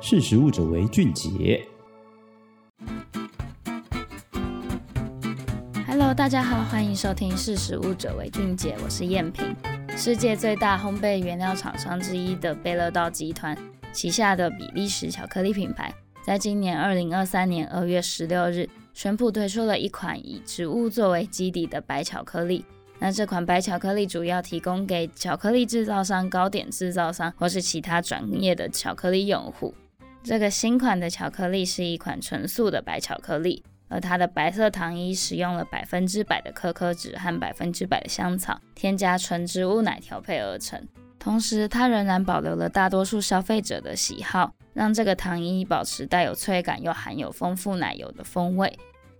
識食物者為俊傑。Hello，大家好，歡迎收聽識食物者為俊傑，我是彥蘋。世界最大烘焙原料廠商之一的焙樂道集團旗下的比利時巧克力品牌，在今年二零二三年二月十六日宣布推出了一款以植物作為基底的白巧克力。那這款白巧克力主要提供給巧克力製造商、糕點製造商或是其他專業的巧克力用戶。這個新款的巧克力是一款純素的白巧克力，而它的白色糖衣使用了百分之百的可可脂和百分之百的香草，添加純植物奶調配而成。同時，它仍然保留了大多數消費者的喜好，讓這個糖衣保持帶有脆感又含有豐富奶油的風味。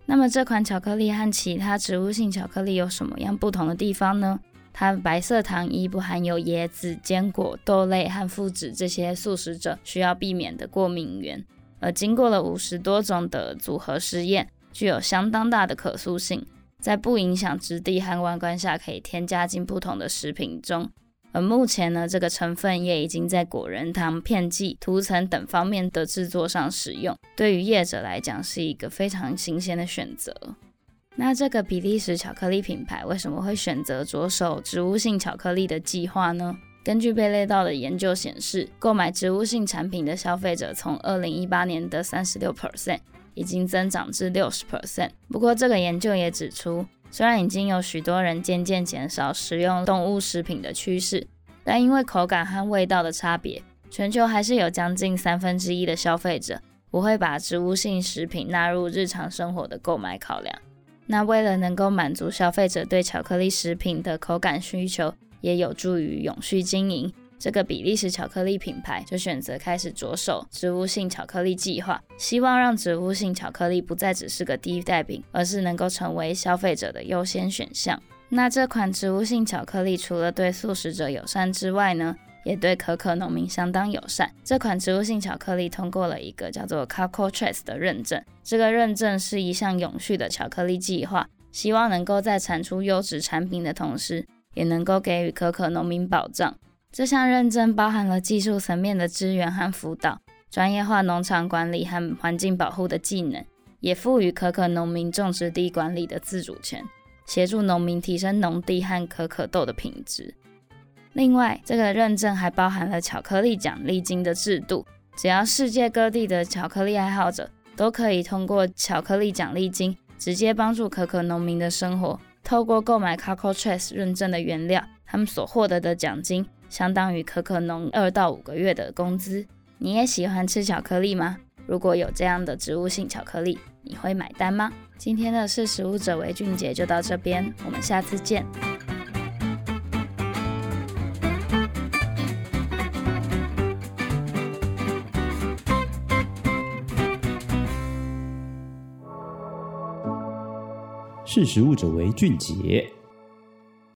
那麼，這款巧克力和其他植物性巧克力有什麼樣不同的地方呢？它白色糖衣不含有椰子、堅果、豆類和麩質這些素食者需要避免的過敏原，而經過了五十多種的組合試驗，具有相當大的可塑性，在不影響質地和外觀下，可以添加進不同的食品中。而目前呢，這個成分也已經在果仁糖、片劑、塗層等方面的製作上使用，對於業者來講是一個非常新鮮的選擇。那這個比利時巧克力品牌為什麼會選擇着手植物性巧克力的計劃呢？根據焙樂道的研究顯示，購買植物性產品的消費者從二零一八年的三十六 percent 已經增長至六十 percent。不過，這個研究也指出，雖然已經有許多人漸漸減少食用動物食品的趨勢，但因為口感和味道的差別，全球還是有將近三分之一的消費者不會把植物性食品納入日常生活的購買考量。那為了能夠滿足消費者對巧克力食品的口感需求，也有助於永續經營，這個比利時巧克力品牌就選擇開始着手植物性巧克力計劃，希望讓植物性巧克力不再只是個替代品，而是能夠成為消費者的優先選項。那這款植物性巧克力除了對素食者友善之外呢，也對可可農民相當友善。這款植物性巧克力通過了一個叫做 Cocoa Trace 的認證。這個認證是一項永續的巧克力計劃，希望能夠在產出優質產品的同時，也能夠給予可可農民保障。這項認證包含了技術層面的資源和輔導，專業化農場管理和環境保護的技能，也賦予可可農民種植地管理的自主權，協助農民提升農地和可可豆的品質。另外，這個認證還包含了巧克力獎勵金的制度，只要世界各地的巧克力愛好者都可以通過巧克力獎勵金直接幫助可可農民的生活。透過購買 Cocoa Trace 認證的原料，他們所獲得的獎金相當於可可農二到五個月的工資。你也喜歡吃巧克力嗎？如果有這樣的植物性巧克力，你會買單嗎？今天的識食物者為俊傑就到這邊，我們下次見。識食物者為俊傑。